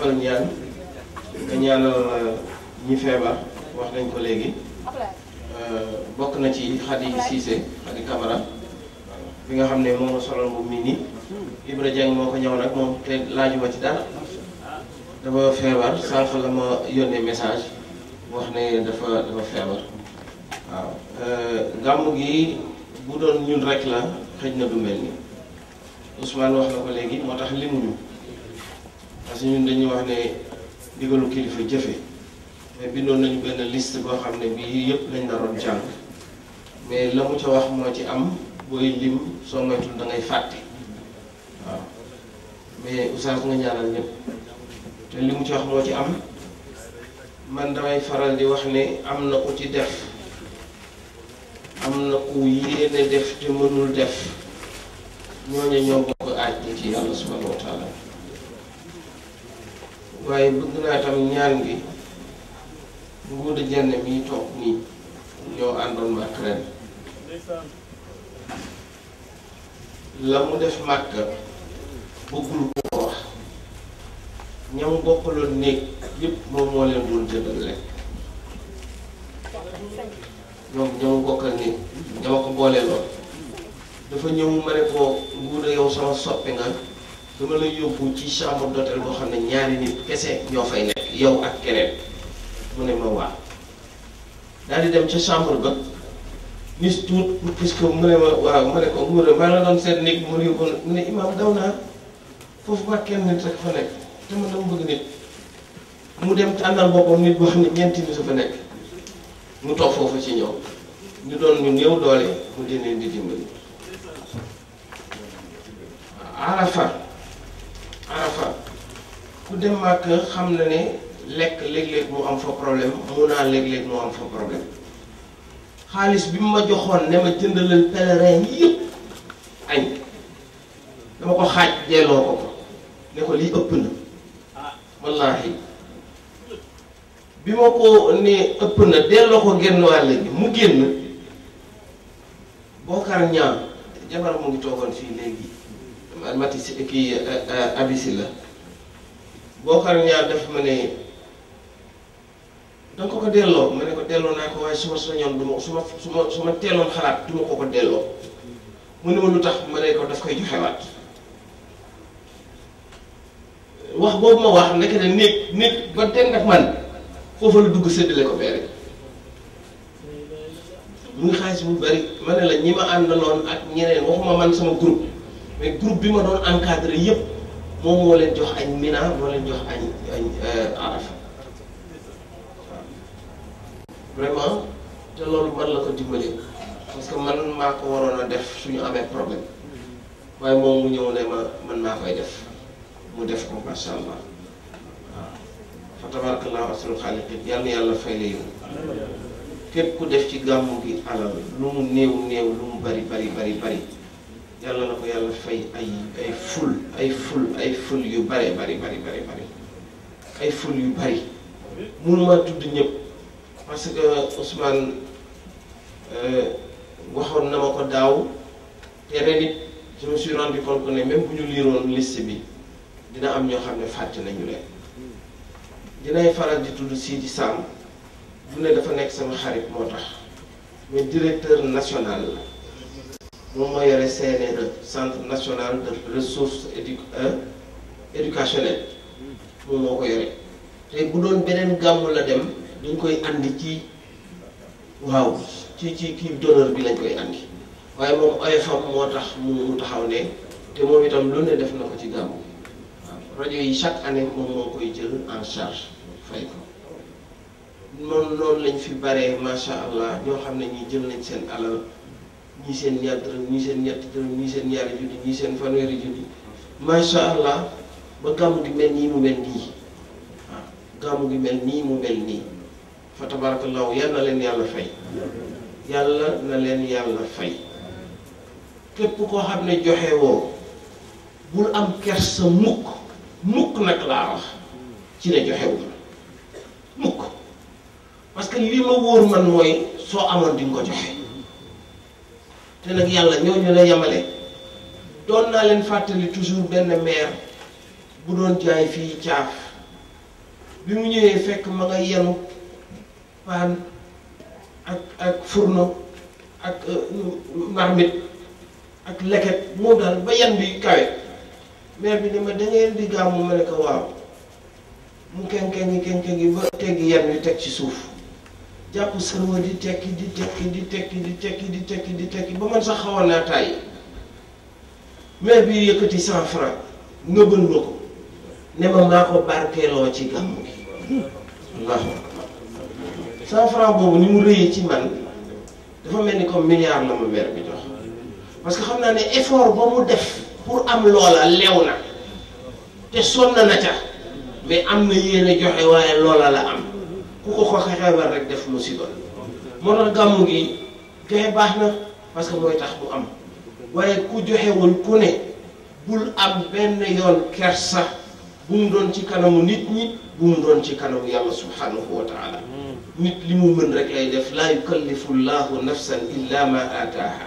defal ñaan ñi feebar wax nañ ko léegi euh, bokk na ci Khady Cissé Khady Camara bi nga xam ne moom la solal bu mii nii Ibra moo ko ñëw nag moom te laajuma ci dara dafa feebar sànq la ma yónnee message wax ne dafa feebar waaw euh, gi bu rek la xëj na du mel ni Ousmane wax na ko léegi moo tax limuñu parce ñun dañuy wax ne digalu kilifa jëfe mais bindoon nañu benn list boo xam ne bii yëpp lañ naroon jàng mais la mu ca wax moo ci am booy lim soo moytul da ngay fàtte waaw mais oustaz nga ñaanal ñëpp te li mu ci wax moo ci am man damay faral di wax ne am na ko ci def am na ku yéene def te mënul def ñooñu ñoo waaye bëgg naa tam ñaan gi nguuda jenn mi toog nii ñoo àndoon màkk la mu def màkk bëggul ko ko wax ñam bokkaloon néeg yépp moom moo leen doon jëndal lekk ñoom ñoo bokkal néeg ñoo ko boole dafa ñëw ma ne ko nguuda yow sama soppi nga dama lay yóbbu ci chambre d'hôtel boo xam ne ñaari nit kese ñoo fay nekk yow ak keneen mu ne ma waa daal di dem ca chambre ba nis tuut puisque mu ne ma waaw ma ne ko mu ne maa ne imaam daw naa foofu ba kenn nit rek fa nekk te man dama bëgg nit mu dem tànnal boppam nit boo xam ne ñeenti nit fa nekk mu toog foofu ci ñëw ñu doon ñu néew doole mu di leen di dimbali arafa enfant ku dem màkk xam na ne lekk léeg-léeg mu am fa problème mu naan léeg-léeg mu am fa problème xaalis bi mu ma joxoon ne ma jëndalal pèlerin yëpp añ dama ko xaaj delloo ko ko ne ko lii ëpp na wallaahi bi ma ko ne ëpp na delloo ko génn wàll gi mu génn bookar ñaan jabar mu ngi toogoon fii léegi Mati si kii Abi Sylla boo xar ñaar def ma ne danga ko ko delloo ma ne ko delloo naa ko waaye su ma sañoon du ma su ma teeloon xalaat du ko ko delloo mu ne ma lu tax ma ne ko daf koy joxewaat wax boobu ma wax nekk ne néeg néeg ba den daf man foofa la dugg séddale ko bee mu ngi xaalis bu bari ma ne la ñi ma àndaloon ak ñeneen waxuma man sama groupe mais groupe bi ma doon encadré yëpp moom moo leen jox añ mina moo leen jox añ añ euh, arafa vraiment te loolu man la ko dimbalee parce que man maa ko waroon a def suñu amee problème waaye moom mu ñëw ne ma man maa koy def mu def ko macha allah waaw fa tabarakallahu asrul xaaliqin yal na yàlla fay la yow képp ku def ci gàmmu gi alal lu mu néew néew lu mu bari bari bari bari yàlla na ko yàlla fay ay ay ay ful ay ful yu bare bari bari bari ay ful yu bari mënuma tudd ñëpp parce que Ousmane euh, waxoon na ma ko daaw te ren it je me suis rendu ne même bu ñu liiroon liste bi dina am ñoo xam ne fàtte nañu leen dinay faral di tudd Sidi Sam bu ne dafa nekk sama xarit moo tax mais directeur national la moom moo yore CNRE centre national de ressources édu euh, éducationnelles moom moo ko yore te bu doon beneen gàmmu la dem dañ koy andi ci waaw ci ci kii donneur bi lañ koy andi waaye moom OFM moo tax mu taxaw ne te moom itam lu ne def na ko ci gàmmu waaw rajo yi chaque année moom moo koy jël en charge fay ko. noonu noonu lañ fi baree macha allah ñoo xam ne ñi jël nañ seen alal. ñii seen ñaar dërëm ñii seen ñetti dërëm ñii seen ñaari junni ñii seen fanweeri junni allah ba gàmmu gi mel nii mu mel nii waaw ah, gàmmu gi mel nii mu mel nii fa tabarakallahu yal na leen yàlla fay yàlla na leen yàlla fay képp koo xam ne joxe woo bul am kersa mukk mukk nag laa wax ci ne joxe wu mukk parce que li ma wóor man mooy soo amoon di nga ko joxe. te nag yàlla ñooñu la yamale doon naa leen fàttali toujours benn maire bu doon jaay fii caaf bi mu ñëwee fekk ma nga yenu paan ak ak fourneau ak euh, marmite ak leket moom daal ba yan bi kawe maire bi ni ma da ngeen di gàmmu ma ne ko waaw mu kenkengi kenkengi ba teggi yan wi teg ci suuf jàpp sërwa di tekki di tekki di tekki di tekki di tekki di tekki ba man sax xawoon naa tàyyi mais bi yëkkati cent franc nëbal ma ko ne ma ko barkeeloo ci gàmm gi waaw cent franc boobu ni mu rëyee ci man dafa mel ni comme milliard la ma weer bi jox parce que xam naa ne effort ba mu def pour am loola lew na te sonn na ca mais am na yéen joxe waaye loola la am ku ko xooxee xeebar rek def musiba moo tax gàmmu gi joxe baax na parce que mooy tax mu am waaye ku joxewul ku ne bul am benn yoon kersa bu mu doon ci kanamu nit ñi bu mu doon ci kanamu yàlla subhanahu wa taala nit li mu mën rek lay def laa yukallifu llahu nafsan illa ma ataaha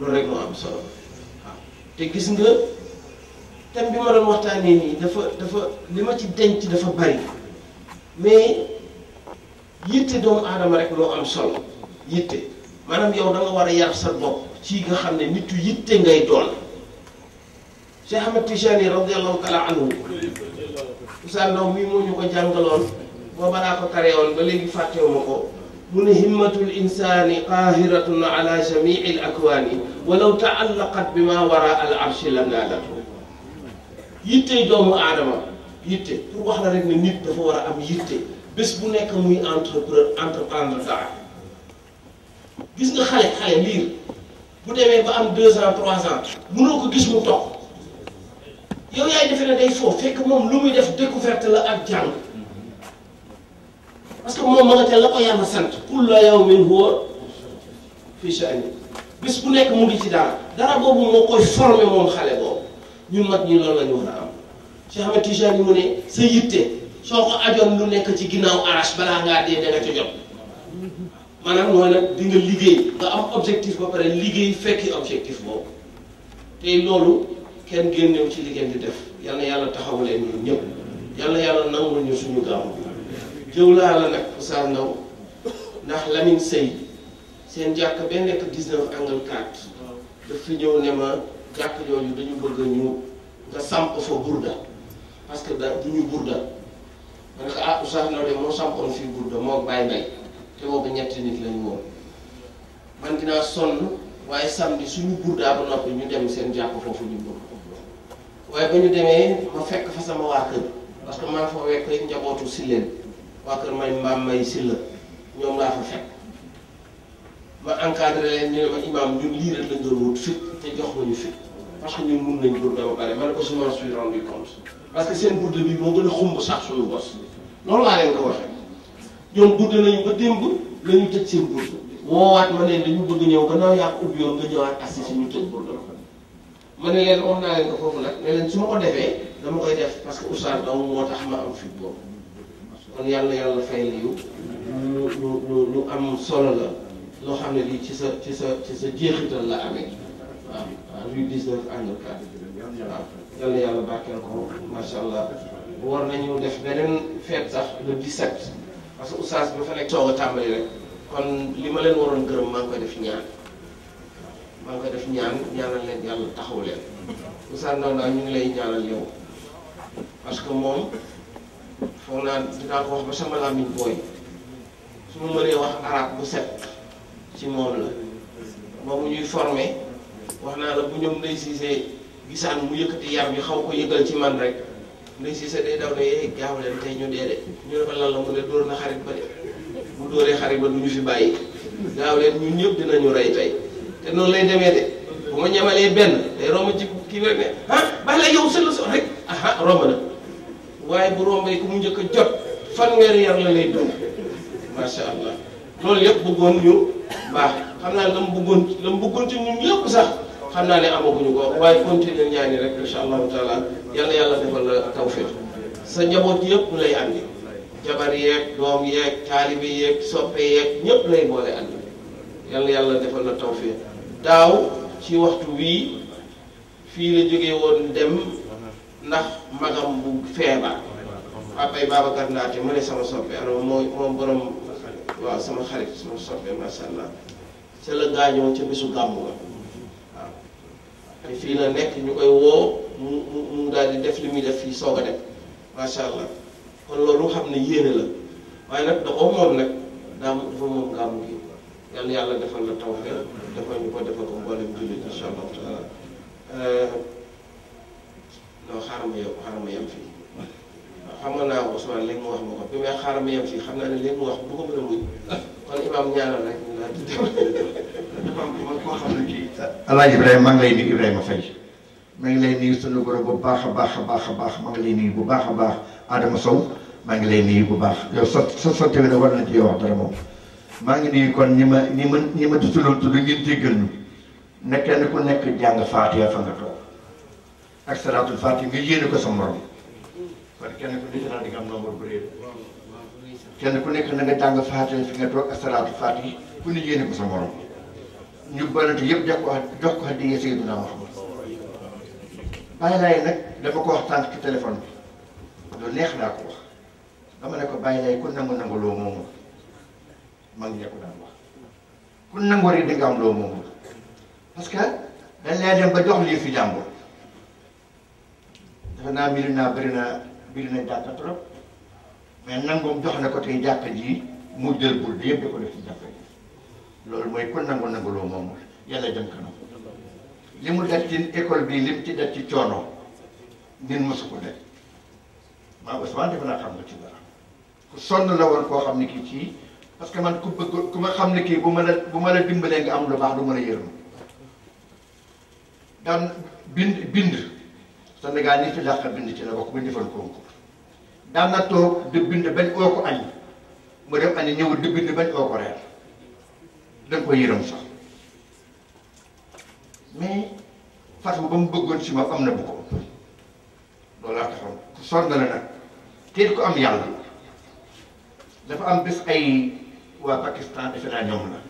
loolu rek moo am solo waaw te gis nga thème bi ma doon waxtaanee nii dafa dafa li ma ci denc dafa bari mais yitte doomu aadama rek moo am solo yitte maanaam yow da war a yar sa bopp ci nga xam ne nit yu yitte ngay doon Cheikh Ahmed Tijani radiyallahu taala anhu Ousseyn Ndaw mii moo ñu ko jàngaloon booba laa ko tareewoon ba léegi fàttewuma ko mu ne himmatul insaani qaahiratun ala jamiil akwaani walaw taallaqat bi ma wara al arshi la naalatu doomu aadama yitte pour wax la rek ne nit dafa war a am yitte. bis bu nekk muy entrepreneur entreprendre dara gis nga xale xale liir bu demee ba am deux ans trois ans mënoo ko gis mu toog yow yaay defee ne day foofu fekk moom lu muy def découverte la ak jàng parce que moom ma nga teel la ko yàlla sant la kulla min huwa fii sha'ni bis bu nekk mu ngi ci dara dara boobu moo koy formé moom xale boobu ñun mag ñi loolu la ñu war a am Cheikh Ahmed Tijani mu ne sa yitte soo ko ajoon lu nekk ci ginnaaw arrache balaa ngaa dee maanaam liggéey nga am objectif ba pare liggéey fekki objectif boobu tey loolu kenn génnew ci liggéey ngeen di def yal yàlla taxawu leen ñun ñëpp yal yàlla nangul ñu suñu gaaw jëw laa la nag Oustaz Ndaw ndax Lamine Sey seen jàkk ba nekk 19 angle 4 daf fi ñëw ne ma jàkk jooju dañu bëgg ñu nga samp fa burda parce que da du ñu burda ma ne ko ah Oustaz Lo de moo sampoon fii Goudda moo bàyyi mbay te boobu ñetti nit lañu woon man dinaa sonn waaye samedi suñu Goudda ba noppi ñu dem seen jàpp foofu ñu bëgg waaye ba ñu demee ma fekk fa sama waa kër parce que maa foo wekk njabootu si leen waa kër may mbaam may si la ñoom laa fa fekk ma encadré leen ma imaam ñun lii rek lañ doon wut fit te jox ma ñu fit parce que ñun mun nañ burda ba pare ma ne ko souvent suis rendu compte parce que seen burda bi moo gën a xumb sax suñu bos loolu laa leen ko waxee ñoom burda nañu ba démb la ñu tëj seen burda woowaat ma ne dañu bëgg ñëw gannaaw yaa ko ubbi yoon nga ñëwaat assi si ñu tëj burda ma ne leen wax naa leen ko foofu nag ne leen su ko defee dama koy def parce que oustaz dong moo tax ma am fit boobu kon yàlla yàlla fay liw lu lu lu am solo la loo xam ne lii ci sa ci sa ci sa jeexital la amee muy dix-neuf ànd ak yàlla yal na yàlla barkeel ko macha allah war nañu def leneen feet sax le 17 parce que oustaz bi fa nekk soog a tàmbali rek kon li ma leen waroon gërëm maa ngi koy def ñaan maa ngi koy def ñaan ñaanal leen yàlla taxaw leen oustaz ndaw ndaw ñu ngi lay ñaanal yow parce que moom foog naa dinaa ko wax ba sama làmmiñ booy su ma mënee wax arab bu set ci moom la boobu ñuy formé. wax naa la bu ñoom Ndeye Cissé gisaan mu yëkkati yar bi xaw ko yëgal ci man rek Ndeye Cissé day daw ne eh gaaw leen tey ñu dee de ñu ne ko la mu ne dóor na xarit ba de bu dóoree xarit ba du ñu fi bàyyi gaaw leen ñun ñëpp dinañu rey tey te noonu lay demee de bu ma ñamalee benn day romb ci kii rek ne ah bala yow sën la so rek ah romb na waaye bu rombee ku mu njëkk a jot fanweeri yar la lay doon macha allah loolu yëpp bëggoon ñu baax. xam naa la mu bëggoon la mu bëggoon ci sax xam naa ne amaguñu ko waaye continuer ñaani rek incha allahu taala yàlla yàlla defal la tawfiq sa njaboot yëpp lay andi jabar ñëpp lay boole yàlla yàlla defal la tawfiq daaw ci waxtu wii fii la jógee woon dem ndax magam bu feebar papay Babacar Ndaate ma ne sama soppe alors mooy moom borom waaw sama xarit sama soppe macha allah. ca la gaañoo ca bisu gàmm ga waaw te fii la nekk ñu koy woo mu mu daal di def li muy def fii soog a dem allah kon loolu xam ne yéene la waaye nag da koo moom nag daa moom gàmm gi yàlla yàlla defal la tawfeex defal ko defal ko mboolem jullit eh, xaaral ma yow fii waaw xamoon naa ko Ousmane léegi mu xaaral ma yem fii xam naa ne léegi mu wax bu ko mën a muñ man imaam ñaanal rek ñu naan dafa am ne kii. Alaaji maa ngi lay nuyu Ibrahima Faye maa ngi lay nuyu sunu goro bu baax a baax baax a baax maa ngi lay nuyu bu baax a baax Adama Sow maa ngi lay nuyu bu baax yow sa sa sant bi war na ci dara moom. maa ngi nii kon ñi ma nii ma ñi ma tudd tudd ngeen jéggal ñu ne kenn nekk jàng faatiha fa nga toog ak salaatul faatiha nga yéene ko sa morom kon kenn nga am nombre kenn ku nekk na nga jàng faatiha fi nga toog asalaatu faatiha ku ne yéene ko sa morom ñu balante yëpp jox ko jox ko hadiya Seydina Muhammad bàyyi laay nag neex laa ko wax dama ne ko bàyyi laay ku nangu nangu loo moomul mag ñee daan wax ku nangu rek di am loo moomul parce que dañ ba jox lii fi jàmbur dafa naa mbiri naa bëri na mbiri na jàkka trop mais nangoom jox na ko tey jàkka ji mu jël bul bi yëpp di ko def ci jàkka ji loolu mooy ku nangu nangu loo moomul yàlla jëm kanam li mu daj ci école bii li ci daj ci coono ñun mosu ko daj maa Ousmane defe naa xam nga ci dara ku sonn la woon koo xam ne kii ci parce que man ku bëgg ku ma xam ne kii bu ma la bu ma la dimbalee nga am lu baax du ma la yërëm daan bind bind Sénégal ñi ci dàq bind ci la bokk bu ñu defoon concours daan na toog di bind bañ oo ko añ mu dem añ ñëw di bind bañ oo ko reer danga ko yërëm sax mais fas ba mu bëggoon si moom am na bu ko ëpp loolu laa taxoon sonn na la nag teel ko am yàlla dafa am bés ay waa Pakistan defe naa ñoom la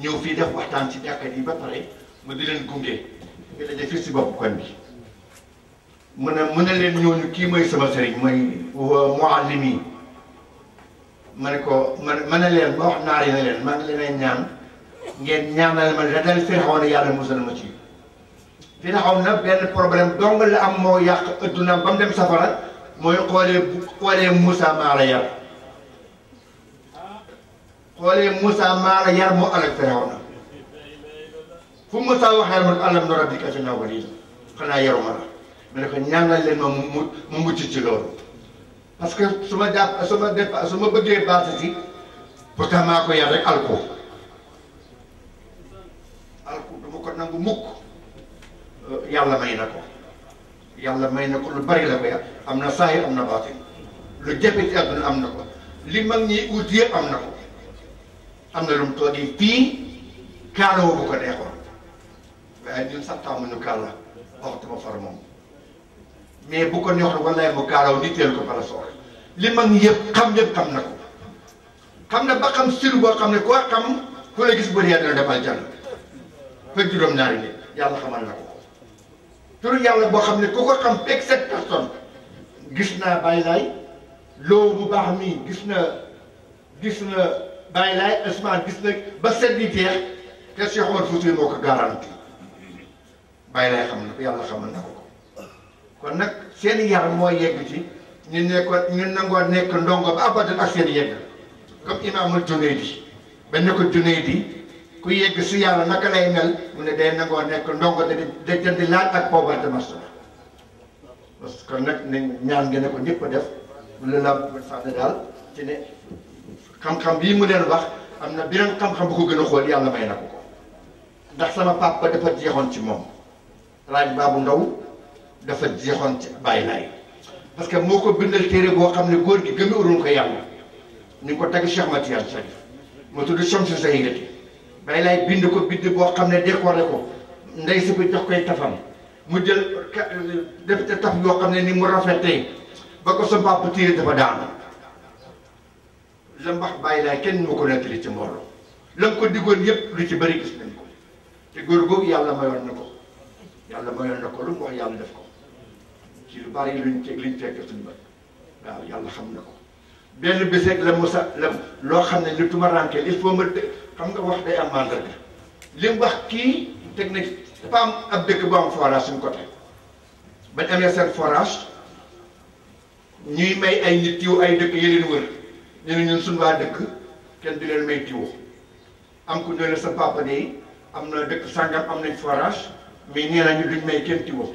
ñëw fii def waxtaan ci jàkka yi ba pare mu di leen gunge nga daje fii si bopp koñ bi mu ne mu ne leen kii mooy sama sëriñ mooy muallim yi ne ko ma ma ne leen ma wax naar leen maa ñaan ngeen ñaanal ma dadal Firawna yàlla musal ma ci Firawna benn problème dong adduna ba mu dem safara mooy xoolee bu xoolee Moussa maa la yar xoolee Moussa maa la yar moo alal Firawna fu Moussa waxee man alam nu rabbika ci ñaw ba xanaa yaruma ma ne ko ñaanal leen ma mu mu mucc ci loolu parce que su ma jàpp su ma def su ma bëggee baatu ci ko yar rek alko alko du ma ko nangu mukk yàlla may na ko yàlla may na ko lu bari la ko yàlla am na saahir am na baatin lu jafe ci àdduna am na ko li mag ñi uut yëpp am na ko am na lu mu toogee fii kaaloo bu ko waaye ñun sax taamuñu kaala waxtu ba far moom mais bu ko neexul wallaay mu kaalaw ni teel ko parasol li mag yëpp xam yëpp xam na ko xam na ba xam siru boo xam ne ko xam ku la gis bëri yàlla dina demal jànn fekk juróom-ñaari nit yàlla xamal na ko turu yàlla boo xam ne ko ko xam fekk sept gis naa bàyyi laay loo bu baax mi gis na gis na bàyyi laay asmaan gis na ba set bi jeex te Cheikh Omar Fouti moo ko garanti bàyyi laay xam na ko yàlla xamal na ko kon nag seen yar moo yegg ci ñu nekkoon ñu nangoo nekk ndongo ba abadan ak seen yegg comme imaamul Junayd ba ne ko Junayd ku yegg si yàlla naka lay mel mu ne day nangoo nekk ndongo da di da jëndi laal ak poobar de master parce que nag ne ñaan ngeen ne ko ñëpp def bu la laa bu daal ci ne xam-xam bii mu leen wax am na beneen xam-xam bu ko gën a xool yàlla may na ko ko ndax sama papa dafa jeexoon ci moom laaj baabu ndaw dafa jeexoon ci bàyyi laay parce que moo ko bindal téere boo xam ne góor gi gëmi uroon ko yàlla ñu ko tagg Cheikh Matiyaan Sarif moo tudd Shamsu Zahirati bàyyi laay bind ko bind boo xam ne décoré ko ndey si bi jox koy tafam mu jël def te taf yoo xam ne ni mu rafetee ba ko sa mbàpp téere dafa daanu la mbax bàyyi laay kenn moo ko nettali ci mbooloo la ko diggoon yépp lu ci bëri gis nañ ko te góor googu yàlla mayoon na ko yàlla mayoon na ko lu mu wax yàlla def ko ci lu bari luñ ci liñ fekk suñu bët waaw yàlla xam na ko benn bés rek la Moussa la loo xam ne lu tumaranke il faut ma xam nga wax day am mandarga li wax kii technique dafa am ab dëkk bu am forage suñu côté bañ amee seen forage ñuy may ay nit tiw ay dëkk yi leen wër ñu ne ñun suñu dëkk kenn du leen may tiwo am ku ñëw ne sa papa de am na dëkk sàngam am nañ forage mais nee nañu duñ may kenn tiwo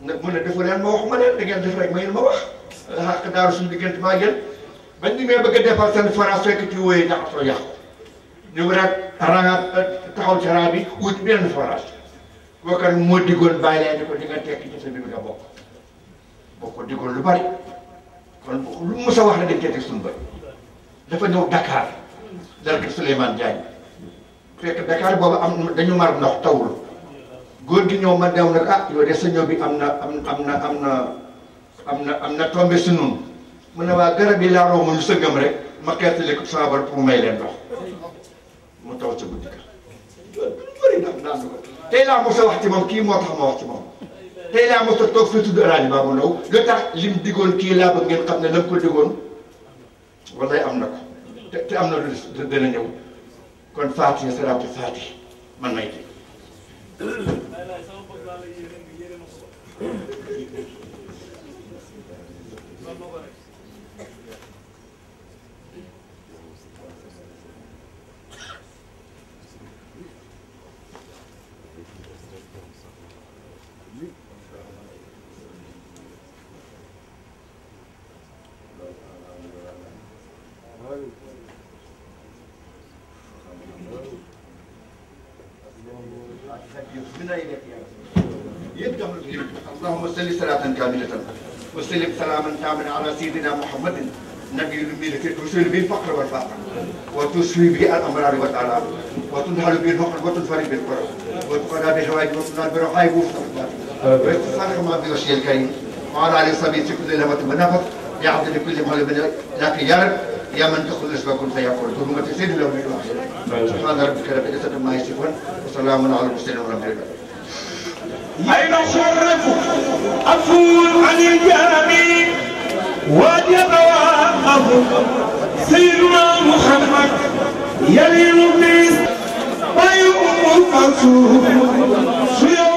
nag mu ne defu leen ma waxuma leen da ngeen def ma yéen ma wax xaq daaru suñu diggante maa ngeen bañ ni mee bëgg a defar seen forage fekk ci wóoyee jaxasoo yàqu ñu ngi rek raga taxaw ci raa bi wut benn forage boo ko moo diggoon bàyyi leen di ko di nga tekki ci sa bi nga bokk boo ko diggoon lu bari kon lu mu sa wax ne dañ koy teg suñu bëri dafa ñëw Dakar dal ko Souleymane Diagne fekk Dakar boobu am dañu mar ndox tawul góor gi ñëw ma dew nag ah yow de sa ñëw bi am na am na am na am na am na tombé si mu ne waa garab yi laa romb ñu sëggam rek ma xeetale ko sama bar pour may leen ndox mu taw ca guddi ga bëri na kii moo tax ma wax ci moom tey a toog fi tudd alaaji baabu tax lim diggoon kii laa bëgg ngeen xam ne la ko diggoon wallaay am na ko te te am na lu dana ñëw kon Faati salaatu Faati man may dégg Vai lá, só من إليك يا رسول اللهم صل صلاة كاملة وسلم سلاما تاما على سيدنا محمد نبي الملك تشير به الفقر والفاقة وتشفي به الامرار والآلام وتنهل به الفقر وتنفر وتنفرد بالقرب وتقرى بالهوائج وتنال برحايب وفترضات ويتصالح مع بوشي الكريم وعلى علي صبي كل لهم منافق يعبد لكل مهل من لكن يا رب يا من تخرج أسبابكم فيقول ثم تزيد لهم الواحد سبحان ربك رب العزة ما يصفون وسلام على المرسلين والحمد لله أين شرفوا أفول عن الجامي وجب وقفه سيدنا محمد يلين بيس ويؤم الفصول